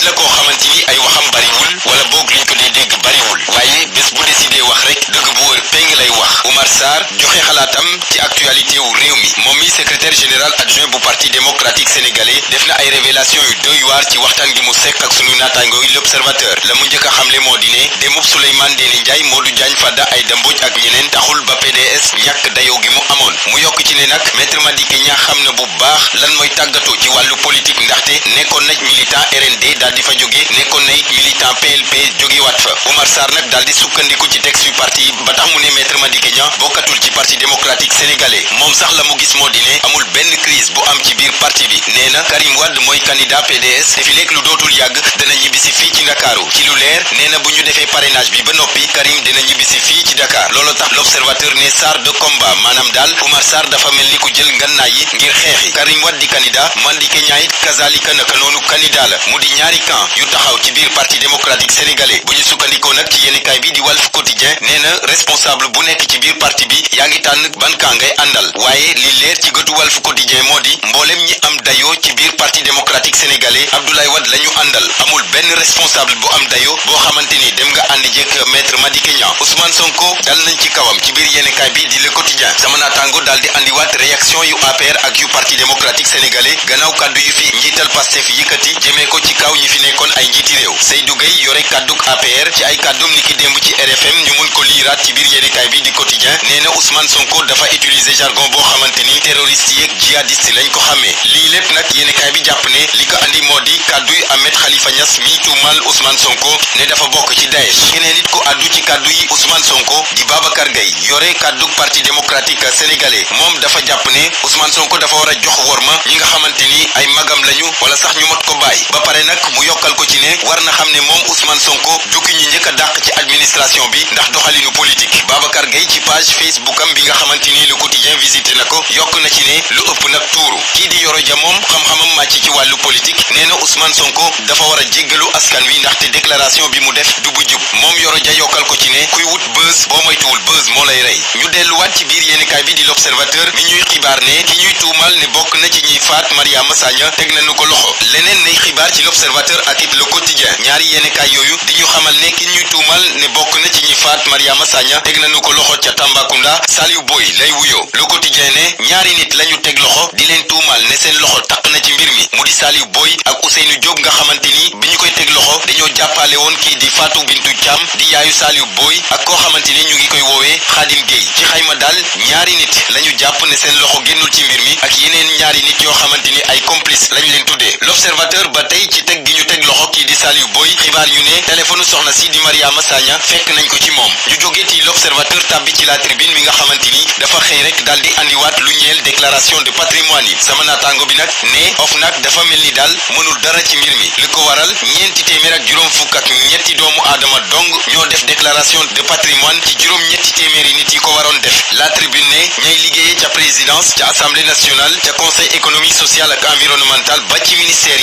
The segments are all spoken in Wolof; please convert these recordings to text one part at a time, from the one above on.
nit la koo xamante ni ay waxam bariwul wala boog liñ ko dee dégg bariwul waaye bés bu décidé wax rek dëgg bu wër péng lay wax Oumar Sarr joxe xalaatam ci actualité wu réew mi moom mi secrétaire général adjoint bu parti démocratique sénégalais def na ay révélation yu doy ci waxtaan gi mu sekk ak sunu naataangoo l'observateur la mu njëkk xamle moo di ne demub Souleymane Ndéné Ndiaye Modou Diagne Fada ay damboj ak ñeneen taxul ba PDS ñàkk dayoo gi mu amoon mu yokk ci ne nag maître Madické Niang xam na bu baax lan mooy tàggatoo ci wàllu politique ndaxte nekkoon na militant p jógewaat fa Omar Sarr nag daal di sukkandiku ci texte yu parti ba tax mu ne maître Madické Niang bokkatul ci parti démocratique sénégalais moom sax la mu gis moo di ne amul benn crise bu am ci biir parti bi nee na Karim Wade mooy candidat PDS te fileeg lu dootul yàgg dana ñibbisi fii ci ndakaaru ci lu leer nee na bu ñu defee parrainage bi ba noppi Karim dina ñibbisi fii ci Dakar loolu tax l'observateur ne Sarr de combat maanaam daal Oumar Sarr dafa mel ni ku jël ngannaay yi ngir xeexi Karim Wade di candidat Madické Niang it kazalika naka noonu candidat la mu di ñaari camp yu taxaw ci biir parti démocratique sénégalais bu ñu sukkandikoo nag ci yéenekaay bi di Walf Quotidien responsable bu nekk ci biir parti bi yaa ngi tànn ban camp ngay àndal di mbooleem ñi am dayoo ci biir parti démocratique sénégalais Abdoulaye Wade la responsable bu am dayo boo xamante ni dem nga ànd jëkk maître Madické Niang Ousmane Sonko dal nañ ci kawam ci biir yéenekaay bi di Le Quotidien sama naataango daal di andiwaat réaction yu APR ak yu parti démocratique sénégalais gannaaw kàddu yu fi njiital Pastef yëkkati jëmee ko ci kaw ñi fi nekkoon ay njiiti réew Seydou Gueye yore kàdduk APR ci ay kàddum niki démb ci RFM ñu mun ko liiraat ci biir yéenekaay bi di Quotidien nee na Ousmane Sonko dafa utiliser jargon boo xamante ni terroriste yeeg jihadiste lañ ko lii lépp nag yéenekaay bi jàpp ne li ko moo di kàddu yu Ahmed tuumal Ousmane Sonko ne dafa bokk ci Daesh ci kàddu yi Ousmane Sonko di Babacar Gaye yore kàddu parti démocratique sénégalais moom dafa jàpp ne Ousmane Sonko dafa war a jox worma ñi nga xamante ni ay magam lañu wala sax ñu mot ko bàyyi ba pare nag mu yokkal ko ci ne war na xam ne moom Ousmane Sonko jukki ñu njëkk a dàq ci administration bi ndax doxalinu politique Babacar Gaye ci page Facebook am bi nga xamante ni le quotidien visité na ko yokk na ci ne lu ëpp nag tuuru kii di Yoro ja moom xam-xamam màcc ci wàllu politique nee na Ousmane Sonko dafa war a jéggalu askan wi ndaxte déclaration bi mu def du bu jub moom Yoro ko ci ne lay rey ñu delluwaat ci biir yéenekaay bi di l'observateur mi ñuy xibaar ne ki ñuy tuumal ne bokk na ci ñuy faat Mariama Sagna teg ñu xamal ne ki ñuy tuumal na ci ñuy faat Mariama Sagna teg nañu ko loxo ca Tambacounda Saliou Boy lay wuyoo le quotidien ne ñaari nit lañu teg loxo di leen tuumal ne seen loxo taq na ci mbir mi mu di yu Boy ak Ousseynou Diop nga xamante ni bi ñu koy teg loxo dañoo jàppale woon kii di Fatou Bintou Thiam di yaayu Saliou Boy ak koo xamante ñu ngi koy woowee daal ñaari nit la ñu jàpp ne seen loxo génnul ci mbir mi ak yeneen ñaari nit yoo xamante ni ay complice lañ leen tuddee l'observateur ba tey ci teg Saliou Boy xibaar yu ne téléphone soxna si di Mariama Sagna fekk nañ ko ci moom ñu jógeeti l'observateur tàbbi ci la tribune mi nga xamante ni dafa xëy rek daal di andiwaat lu ñeel déclaration de patrimoine yi sama naataango bi nag ne OFNAC dafa mel ni daal mënul dara ci mbir mi li ko waral ñeenti téeméer ak juróom fukk ak ñetti doomu aadama dong ñoo def déclaration de patrimoine ci juróom ñetti téeméeri nit yi ko waroon def la tribune ne ñay liggéeyee ca présidence ca assemblée nationale ca conseil économique social ak environnemental ba ci ministère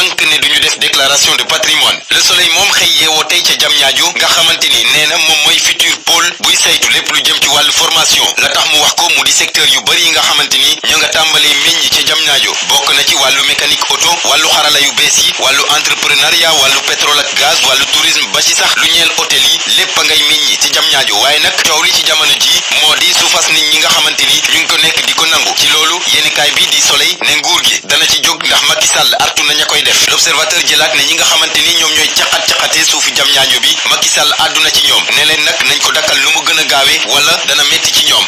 lank ne duñu def déclaration de patrimoine le soleil moom xëy yeewoo tey ca jam ñaajo nga xamante ni nee na moom mooy futur pôle buy saytu lépp lu jëm ci wàllu formation la tax mu wax ko mu di secteur yu bëri yi nga xamante ni ñoo nga tàmbalee meññ ca jam ñaajo bokk na ci wàllu mécanique auto wàllu xarala yu bees yi wàllu entrepreneuriat wàllu pétrole ak gaz wàllu tourisme ba ci sax lu ñeel hôtel yi lépp a ngay meññ ci jam ñaajo waaye nag coow li ci jamono ji moo di su fas nit ñi nga xamante ni ñu ngi ko nekk di ko nangu ci loolu yéenekaay bi di soleil gi dana ci jóg ndax Macky Sall l'observateur jëlaat ne ñi nga xamante ni ñoom ñooy caqat caqatee suufu jam ñaajo bi Macky Sall àdduna ci ñoom ne leen nag nañ ko dakkal lu mu gën a gaawee wala dana metti ci ñoom